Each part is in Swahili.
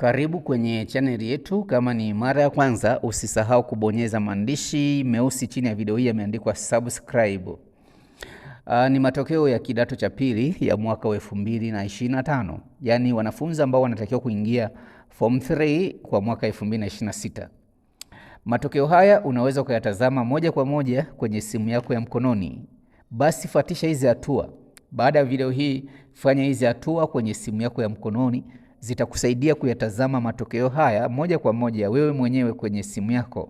Karibu kwenye chaneli yetu. Kama ni mara ya kwanza, usisahau kubonyeza maandishi meusi chini ya video hii yameandikwa subscribe. Aa, ah, ni matokeo ya kidato cha pili ya mwaka wa tano yaani wanafunzi ambao wanatakiwa kuingia form 3 kwa mwaka sita. Matokeo haya unaweza ukayatazama moja kwa moja kwenye simu yako ya mkononi. Basi fuatisha hizi hatua. Baada ya video hii, fanya hizi hatua kwenye simu yako ya mkononi zitakusaidia kuyatazama matokeo haya moja kwa moja wewe mwenyewe kwenye simu yako.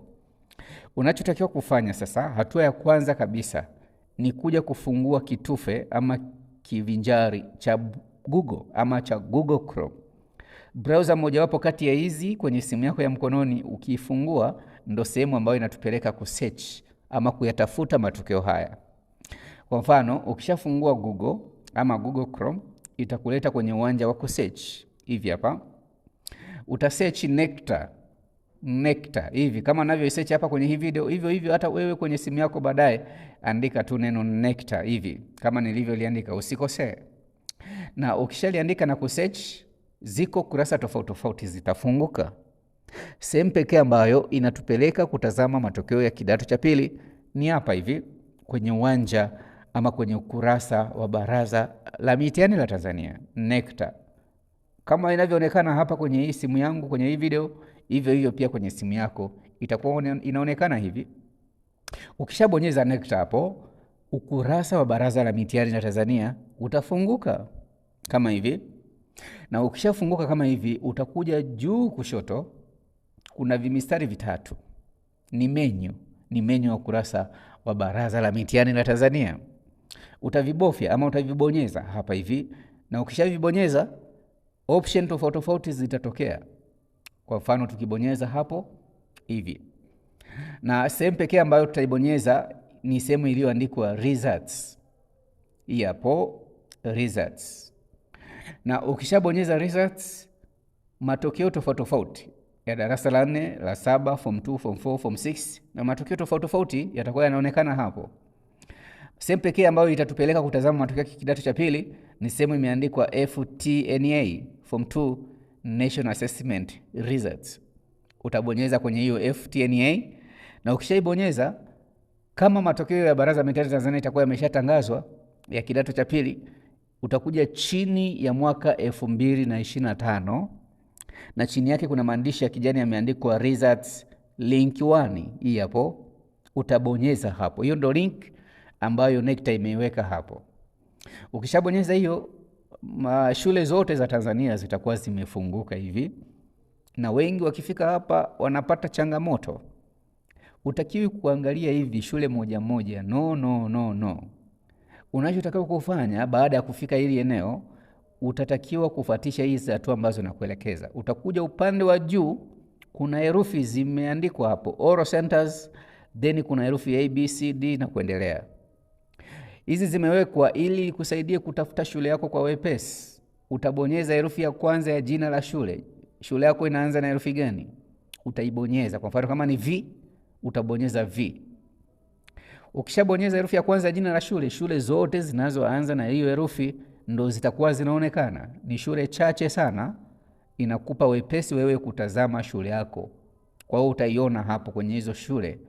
Unachotakiwa kufanya sasa, hatua ya kwanza kabisa ni kuja kufungua kitufe ama kivinjari cha Google ama cha Google Chrome. Browser mojawapo kati ya hizi kwenye simu yako ya mkononi, ukiifungua ndo sehemu ambayo inatupeleka kusearch ama kuyatafuta matokeo haya. Kwa mfano, ukishafungua Google ama Google Chrome, itakuleta kwenye uwanja wa kusearch hivi hapa utasearch nectar nectar hivi kama search hapa kwenye hii video, hivyo hivyo hata wewe kwenye simu yako baadaye andika tu neno nectar hivi kama nilivyoliandika, usikosee. Na ukishaliandika na kusearch, ziko kurasa tofauti tofauti zitafunguka. Sehemu pekee ambayo inatupeleka kutazama matokeo ya kidato cha pili ni hapa hivi kwenye uwanja ama kwenye ukurasa wa Baraza la Mitihani la Tanzania nectar kama inavyoonekana hapa kwenye hii simu yangu kwenye hii video, hivyo hivyo pia kwenye simu yako itakuwa inaonekana hivi. Ukishabonyeza next hapo, ukurasa wa Baraza la Mitihani la Tanzania utafunguka kama hivi, na ukishafunguka kama hivi, utakuja juu kushoto, kuna vimistari vitatu, ni menyu, ni menyu ya ukurasa wa Baraza la Mitihani la Tanzania. Utavibofya ama utavibonyeza hapa hivi, na ukishavibonyeza option tofauti tofauti zitatokea. Kwa mfano tukibonyeza hapo hivi, na sehemu pekee ambayo tutaibonyeza ni sehemu iliyoandikwa results. Hii hapo results, na ukishabonyeza results, matokeo tofauti tofauti ya darasa la nne, la saba, form 2, form 4, form 6 na matokeo tofauti tofauti yatakuwa yanaonekana hapo. Sehemu pekee ambayo itatupeleka kutazama matokeo ya kidato cha pili ni sehemu imeandikwa FTNA form 2 national assessment results. Utabonyeza kwenye hiyo FTNA na ukishaibonyeza, kama matokeo ya Baraza la Tanzania itakuwa yameshatangazwa ya kidato cha pili, utakuja chini ya mwaka elfu na na na chini yake kuna maandishi ya kijani yameandikwa results link 1 hii hapo, utabonyeza hapo. Hiyo ndo link ambayo nekta imeiweka hapo. Ukishabonyeza hiyo ma, shule zote za Tanzania zitakuwa zimefunguka hivi, na wengi wakifika hapa wanapata changamoto. Utakiwi kuangalia hivi shule moja moja, no, no, no, no. Unachotakiwa kufanya baada ya kufika hili eneo, utatakiwa kufuatisha hizi hatua ambazo nakuelekeza. Utakuja upande wa juu, kuna herufi zimeandikwa hapo, oral centers, then kuna herufi A B C D na kuendelea. Hizi zimewekwa ili kusaidia kutafuta shule yako kwa wepesi. Utabonyeza herufi ya kwanza ya jina la shule. Shule yako inaanza na herufi gani? Utaibonyeza. Kwa mfano kama ni V, utabonyeza V. Ukishabonyeza herufi ya kwanza ya jina la shule, shule zote zinazoanza na hiyo herufi ndo zitakuwa zinaonekana. Ni shule chache sana, inakupa wepesi wewe kutazama shule yako. Kwa hiyo utaiona hapo kwenye hizo shule,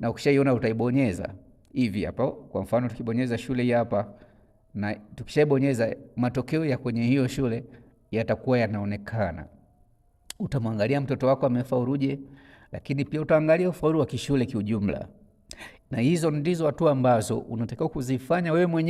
na ukishaiona utaibonyeza hivi hapo. Kwa mfano tukibonyeza shule hii hapa na tukishabonyeza, matokeo ya kwenye hiyo shule yatakuwa yanaonekana. Utamwangalia mtoto wako amefauruje lakini pia utaangalia ufaulu wa kishule kiujumla, na hizo ndizo hatua ambazo unatakiwa kuzifanya wewe mwenyewe.